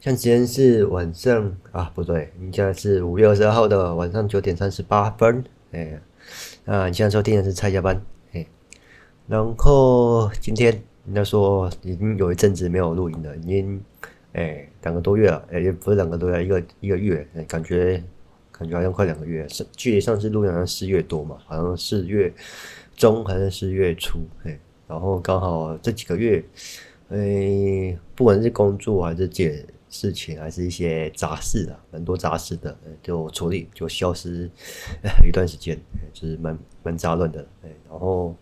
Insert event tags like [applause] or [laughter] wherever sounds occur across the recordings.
像今天是晚上啊，不對，你現在是五月二十二號的晚上九點三十八分，哎、欸，啊，你現在說今的是蔡家班，哎、欸，然後今天人家說已經有一陣子沒有錄音了，已經哎兩、欸、個多月了，哎、欸，也不是兩個多月，一個一個月，誒、欸、感覺感覺好像快兩個月了，距上距離上次錄音好像四月多嘛，好像四月中還是四月初，哎、欸，然後剛好這幾個月，哎、欸，不管是工作還是減。事情還是一些雜事的、啊，蠻多雜事的，就處理就消失一段時間，就是蠻蠻雜亂的。欸、然後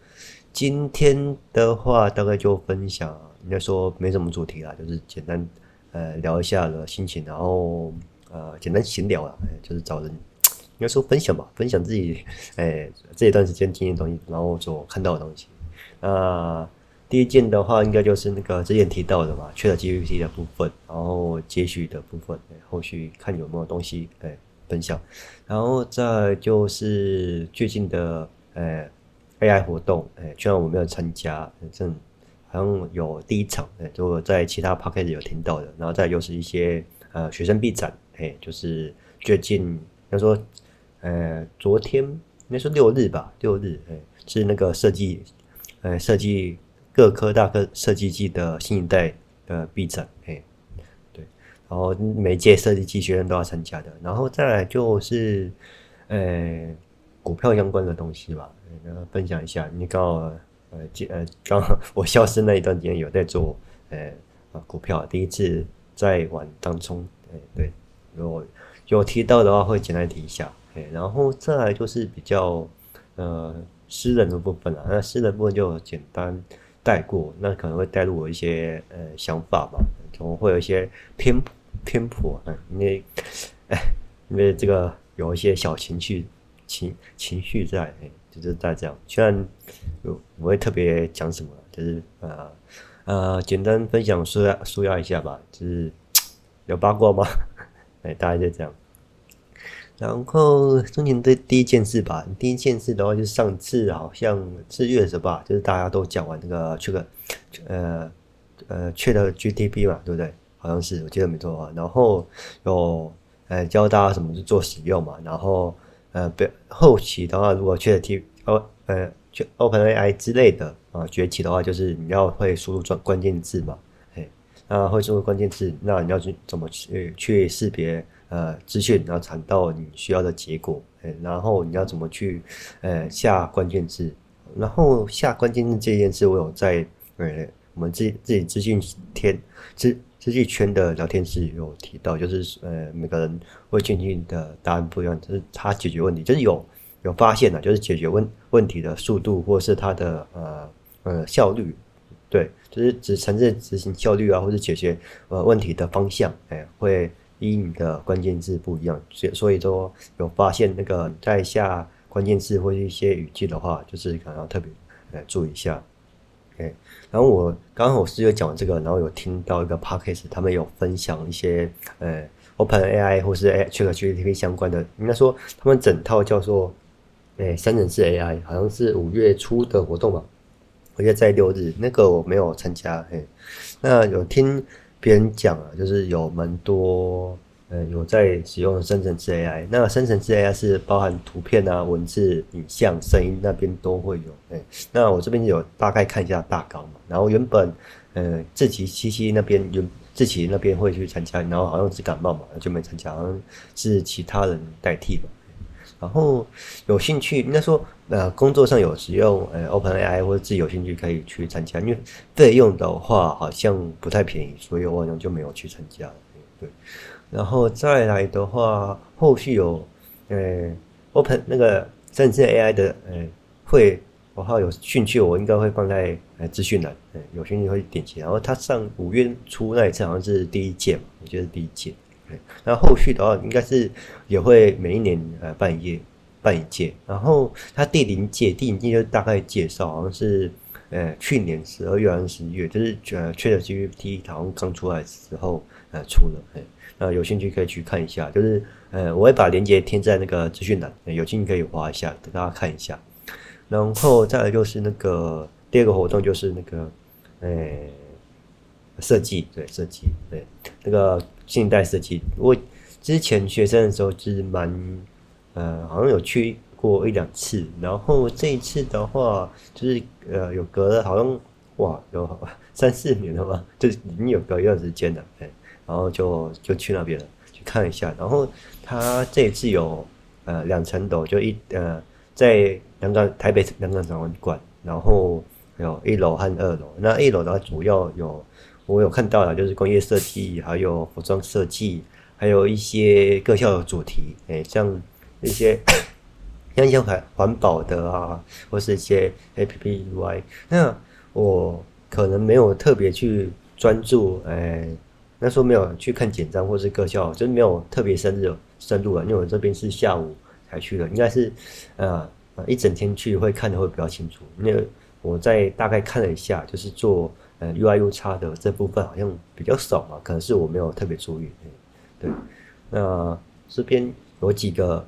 今天的話大概就分享，應該說沒什麼主題啦，就是簡單呃聊一下的心情，然後呃簡單閒聊啊、欸，就是找人應該說分享吧，分享自己哎、欸、這一段時間經歷的東西，然後所看到的東西，那、呃第一件的話，應該就是那個之前提到的嘛，ChatGPT 的部分，然後接續的部分，後續看有沒有東西哎分享，然後再就是最近的誒 AI 活動，哎，雖然我沒有參加，反正好像有第一場哎，就在其他 Podcast 有聽到的，然後再就是一些呃學生畢展，哎，就是最近要說呃昨天應該說六日吧，六日哎是那個設計哎設計。各科大科設計系的新一代的畢展。嘿，對，然後每屆設計系學生都要參加的。然後再來就是，呃，股票相關的東西吧，誒，分享一下。你跟呃，呃，剛好我消失那一段時間有在做，呃，啊，股票第一次在玩當中，哎，對，如果有提到的話會簡單提一下，哎，然後再來就是比較呃私人的部分啦、啊，那私人的部分就簡單。帶過，那可能會帶入我一些呃想法吧，總會有一些偏偏頗。嗯、因為哎，因為這個有一些小情緒、情情緒在，哎、就是大概這樣。雖然，不會特別講什麼，就是呃呃，簡單分享紓紓壓一下吧，就是有八卦嗎？哎，大概就這樣。然後中間的第一件事吧，第一件事的話就是上次好像四月的時候吧，就是大家都講完這個這個，呃呃缺的 GTP 嘛，對不對？好像是我記得沒錯啊。然後有呃教大家什麼去做使用嘛，然後呃，後後期的話，如果缺的 T O 呃缺 OpenAI 之類的啊、呃、崛起的話，就是你要會輸入關關鍵字嘛，嘿，啊會輸入關鍵字，那你要去怎麼去去識別？呃，資訊，然後查到你需要的結果誒，然後你要怎麼去，呃，下關鍵字，然後下關鍵字這件事，我有在，呃，我們自自己資訊天資資訊圈的聊天室有提到，就是呃，每個人會進行的答案不一樣，就是他解決問題，就是有有發現的，就是解決問問題的速度，或是他的呃呃效率，對，就是只承認執行效率啊，或者解決呃問題的方向，哎，會。因你的關鍵字不一樣，所所以說有發現那個在下關鍵字或是一些語句的話，就是可能要特別呃注意一下。誒、okay，然後我剛剛我是有講這個，然後有聽到一個 podcast 他們有分享一些呃、欸、Open AI 或是誒 Chat GPT 相關的，應該說他們整套叫做誒、欸、生成式 AI，好像是五月初的活動，我而且在六日，那個我沒有參加。誒、欸，那有聽。邊講啊，就是有蠻多，呃，有在使用生成式 AI。那生成式 AI 是包含圖片啊、文字、影像、聲音那邊都會有。哎、欸，那我這邊有大概看一下大綱嘛。然後原本，呃，志祺七七那邊有，志祺那邊會去參加，然後好像是感冒嘛，就沒參加，好像是其他人代替吧。然後有興趣，應該說呃，工作上有使用呃，OpenAI 或者自己有興趣可以去參加，因為費用的話好像不太便宜，所以我好像就沒有去參加。對，然後再來的話，後續有呃，Open 那個生成 AI 的呃會，我好有興趣，我應該會放在呃資訊欄，呃有興趣會點擊。然後他上五月初那一次好像是第一屆，我覺得第一屆。嗯、那後續的話，應該是也會每一年呃辦一屆，辦一屆。然後他第零屆，第一屆就大概介紹，好像是呃、嗯、去年十二月還是十一月，就是呃 ChatGPT 好像剛出來之後呃出了、嗯，那有興趣可以去看一下。就是呃、嗯，我會把鏈接添在那個資訊欄，嗯、有興趣可以滑一下，等大家看一下。然後再來就是那個第二個活動，就是那個呃、嗯、設計，對設計，對那個。新一代設計，我之前學生的時候就是蠻，呃，好像有去過一兩次，然後這一次的話就是呃有隔了，好像哇有三四年了吧，就已經有隔一段時間了，哎，然後就就去那邊了，去看一下。然後他這一次有呃兩層樓，就一呃在南港台北南港展館，然後有一樓和二樓。那一樓的話，主要有。我有看到了，就是工業設計，還有服裝設計，還有一些各校的主題，誒、欸，像一些像一些環環保的啊，或是一些 APP UI。那我可能沒有特別去專注，哎、欸，那時候沒有去看簡章或是各校，就是沒有特別深入深入了，因為我這邊是下午才去的，應該是呃呃、啊、一整天去會看的會比較清楚。那我在大概看了一下，就是做。呃，U I U X 的這部分好像比較少嘛，可能是我沒有特別注意。對，對，那這邊有幾個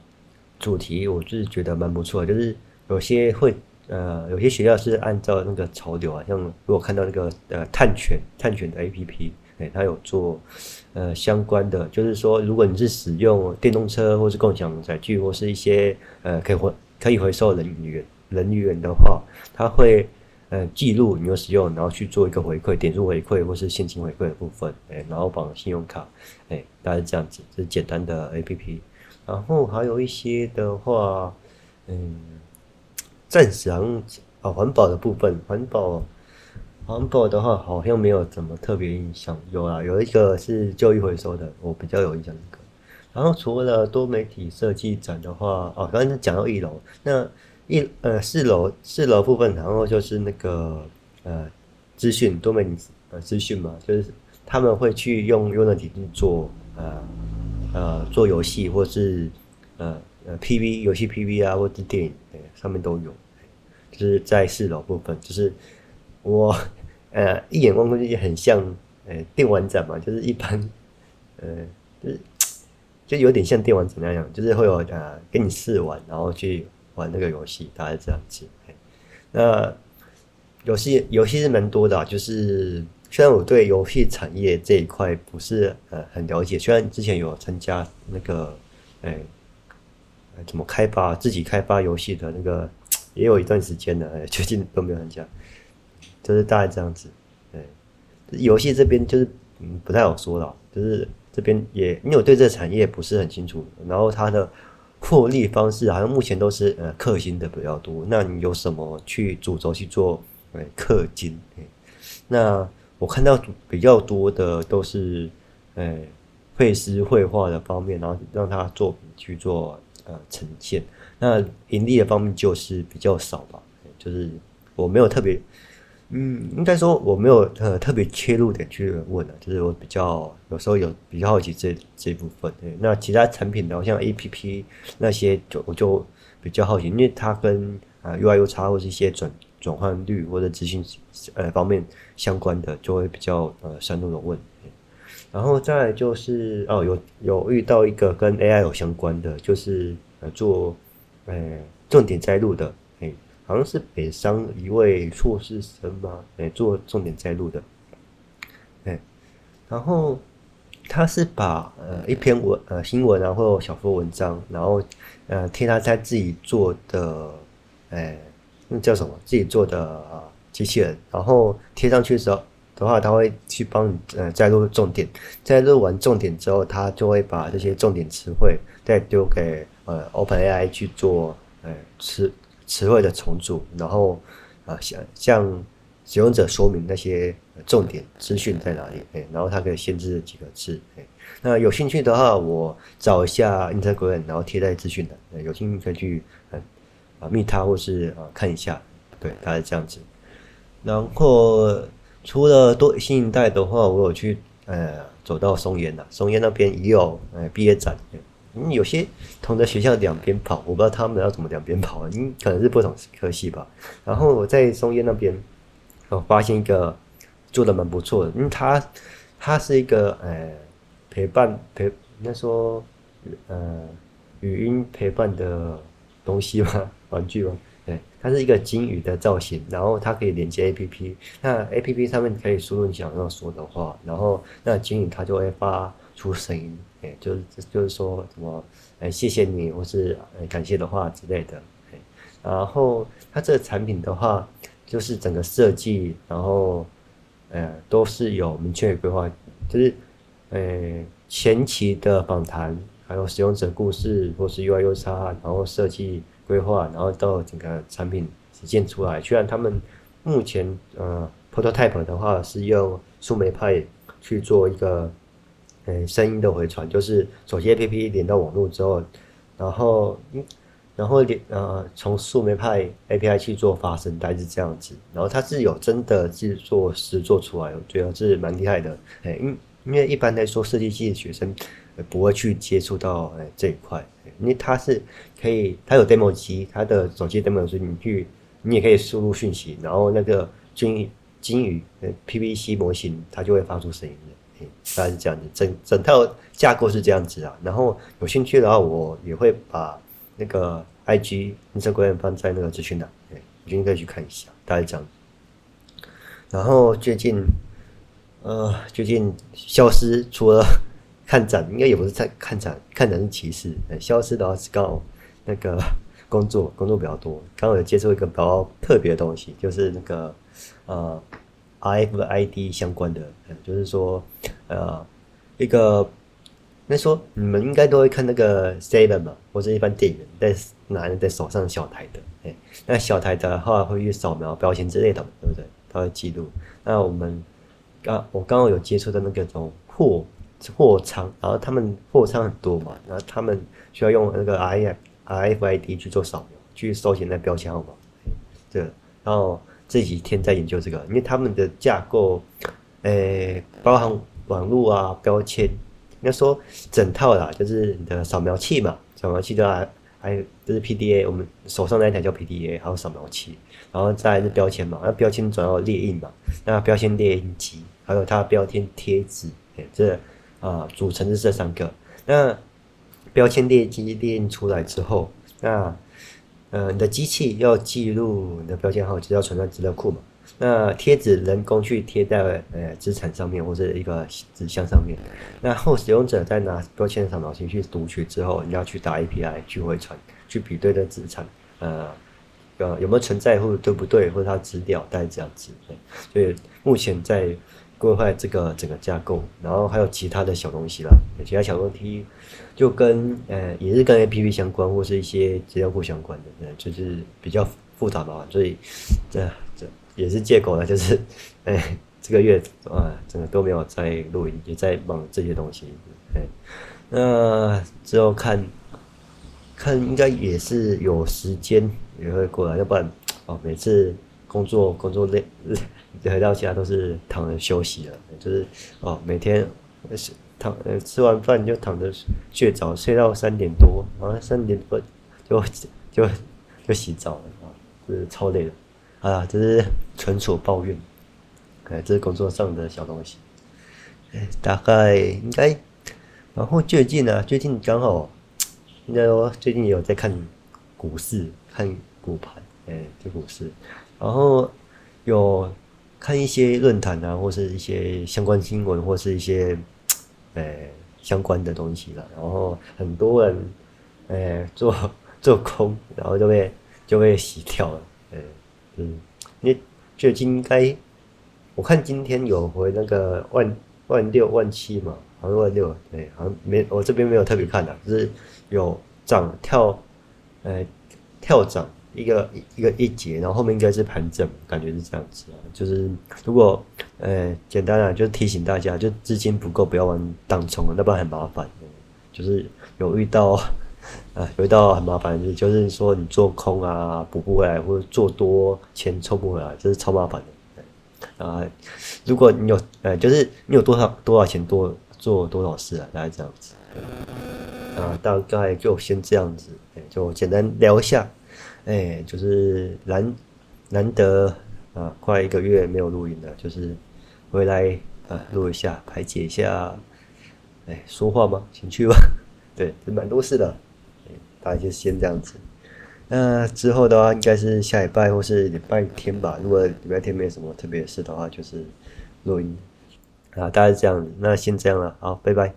主題，我是覺得蠻不錯的，就是有些會呃，有些學校是按照那個潮流啊，像我看到那個呃碳權碳權的 A P P，誒，它有做呃相關的，就是說如果你是使用電動車或是共享載具或是一些呃可以回可以回收人員人員的話，它會。呃，記錄你有使用，然後去做一個回饋，點數回饋或是現金回饋的部分，誒然後綁信用卡，哎，大概是這樣子，這是簡單的 APP。然後還有一些的話，嗯，暫時好像哦，環保的部分，環保，環保的話好像沒有怎麼特別印象。有啊，有一個是舊衣回收的，我比較有印象的一個。然後除了多媒體設計展的話，哦，剛剛講到一樓，那。一呃四樓四樓部分，然後就是那個呃資訊多媒體呃資訊嘛，就是他們會去用用 Unity 去做呃呃做遊戲，或是呃呃 PV 遊戲 PV 啊，或者是電影，哎、呃、上面都有，就是在四樓部分，就是我呃一眼望過去就很像呃電玩展嘛，就是一般呃就是就有點像電玩展那樣，就是會有呃給你試玩，然後去。玩這個遊戲大概這樣子，那遊戲遊戲是蠻多的，就是雖然我對遊戲產業這一塊不是呃很了解，雖然之前有參加那個哎、欸，怎麼開發自己開發遊戲的那個也有一段時間了、欸，最近都沒有參加，就是大概這樣子。遊戲這邊就是嗯不太好說了，就是這邊也因為我對這個產業不是很清楚，然後它的。獲利方式好像目前都是呃氪金，的比較多，那你有什麼去主軸去做哎氪、呃、金、欸？那我看到比較多的都是哎、欸，繪師繪畫的方面，然後讓他作品去做呃呈現，那盈利的方面就是比較少吧，欸、就是我沒有特別。嗯，應該說我沒有呃特別切入點去問的，啊，就是我比較有時候有比較好奇這這一部分對。那其他產品的話，像 A P P 那些就，就我就比較好奇，因為它跟啊、呃、U I U X 或是一些轉轉換率或者執行呃方面相關的，就會比較呃深入的問。然後再來就是哦，有有遇到一個跟 A I 有相關的，就是呃做呃重點摘錄的。好像是北商一位碩士生吧，哎、欸，做重點摘錄的，哎、欸，然後他是把呃一篇文呃新聞、啊，或者小說文章，然後呃貼他在自己做的，哎、欸，那叫什麼？自己做的、呃、機器人，然後貼上去的時候的話，他會去幫你呃摘錄重點，摘錄完重點之後，他就會把這些重點詞彙再丟給呃 OpenAI 去做，哎、呃，詞。詞彙的重組，然後，啊，向向使用者說明那些重點資訊在哪裡，哎，然後它可以限制幾個字，哎，那有興趣的話，我找一下 Instagram，然後貼在資訊的、哎，有興趣可以去、嗯、啊，密他或是啊看一下，對，他是這樣子。然後除了多新一代的話，我有去呃走到松菸了，松菸那邊也有呃、哎、畢業展。哎嗯、有些同的學校兩邊跑，我不知道他們要怎麼兩邊跑。你、嗯、可能是不同科系吧。然後我在松菸那邊，我、哦、發現一個做得蠻不錯的，因、嗯、為它它是一個呃陪伴陪那說呃語音陪伴的東西嗎？玩具嗎？對，它是一個鯨魚的造型，然後它可以連接 APP，那 APP 上面可以輸入你想要說的話，然後那鯨魚它就會發出聲音。哎、欸，就是就是說什麼，哎、欸，謝謝你，或是、欸、感謝的話之類的。哎、欸，然後它這個產品的話，就是整個設計，然後，呃、欸，都是有明確的規劃，就是，呃、欸，前期的訪談，還有使用者故事，或是 UI、UX，然後設計規劃，然後到整個產品實現出來。雖然他們目前，呃，prototype 的話是用樹莓派去做一個。呃，聲音的回傳就是手機 APP 連到網絡之後，然後，嗯、然後連呃，從樹莓派 API 去做發聲，大概是這樣子。然後它是有真的製作師做出來，我覺得是蠻厲害的。因、嗯、因為一般來說設計系的學生不會去接觸到哎、嗯、這一塊、嗯，因為它是可以，它有 demo 機，它的手機 demo 機，你去你也可以輸入訊息，然後那個鯨魚鯨魚 PVC 模型它就會發出聲音的。大概是這樣子，整整套架構是這樣子啊。然後有興趣的話，我也會把那個 IG，你這員放在那個資訊欄，你應該去看一下。大概是這樣子。然後最近，呃，最近消失除了看展，應該也不是在看展，看展是其次，欸。消失的話是剛好那個工作，工作比較多。剛好有接觸一個比較特別的東西，就是那個呃。iFID 相關的、嗯，就是說，呃，一個，那說你們應該都會看那個 s e 銀嘛，嗯、或者一般店員在拿在手上小台的，誒，那小台的話會去掃描標籤之類的，對不對？他會記錄。那我們剛、啊、我剛剛有接觸的那個種貨貨倉，然後他們貨倉很多嘛，然後他們需要用那個 iF RF, iFID 去做掃描去尋那標籤，好不好？對，然後。這幾天在研究這個，因為他們的架構，呃、欸，包含網絡啊、標籤，應該說整套啦，就是你的掃描器嘛，掃描器的話，還有就是 PDA，我們手上那一台叫 PDA，還有掃描器，然後再是標籤嘛，那標籤主要列印嘛，那標籤列印機，還有它標籤貼紙，這啊、呃，組成是這三個。那標籤列印機列印出來之後，那。呃，你的機器要記錄你的標籤號，就要存在資料庫嘛。那貼紙人工去貼在呃資產上面或者一個紙箱上面，那後使用者再拿標籤掃描器去讀取之後，你要去打 API 去回傳，去比對的資產，呃，呃有沒有存在或者對不對，或者它值掉，大概是這樣子對。所以目前在。破壞這個整個架構，然後還有其他的小東西了，其他小東西就跟呃也是跟 APP 相關或是一些資料庫相關的，呃，就是比較複雜吧，所以這這也是借口了，就是哎這個月啊，整個都沒有在錄音，也在忙這些東西，哎，那之後看看應該也是有時間也會過來，要不然哦每次。工作工作累累，回到家都是躺着休息了，就是哦，每天躺、呃、吃完飯就躺着睡，着，睡到三點多，然後三點多就就就、就洗澡了啊、哦，就是超累了，啊，這就是純屬抱怨，哎，這是工作上的小東西，哎，大概應該，然後最近呢、啊，最近剛好，應該說最近有在看股市，看股盤。哎、欸，這股市，然後有看一些論壇啊，或是一些相關新聞，或是一些呃、欸、相關的東西啦。然後很多人哎、欸、做做空，然後就被就被洗掉了。嗯嗯，那就應該我看今天有回那個萬萬六萬七嘛，好像萬六，對，好像沒我這邊沒有特別看啦，就是有漲跳，哎、欸，跳漲。一個一個一節，然後後面應該是盤整，感覺是這樣子啊。就是如果呃，簡單啊，就是提醒大家，就資金不夠不要玩當沖了，那不然很麻煩。就是有遇到啊、呃，有遇到很麻煩，就是就是說你做空啊補不回來，或者做多錢湊不回來，這是超麻煩的。啊、呃，如果你有呃，就是你有多少多少錢多做多少事啊，大概這樣子。啊、呃，大概就先這樣子，呃、就簡單聊一下。哎，就是難難得啊，快一個月沒有錄音了，就是回來啊錄一下，排解一下。哎，說話嗎？請去吧。 [laughs] 對，這蠻多事的。大家就先這樣子。那之後的話，應該是下禮拜或是禮拜天吧。如果禮拜天沒什麼特別事的話，就是錄音。啊，大概是這樣子。那先這樣了，好，拜拜。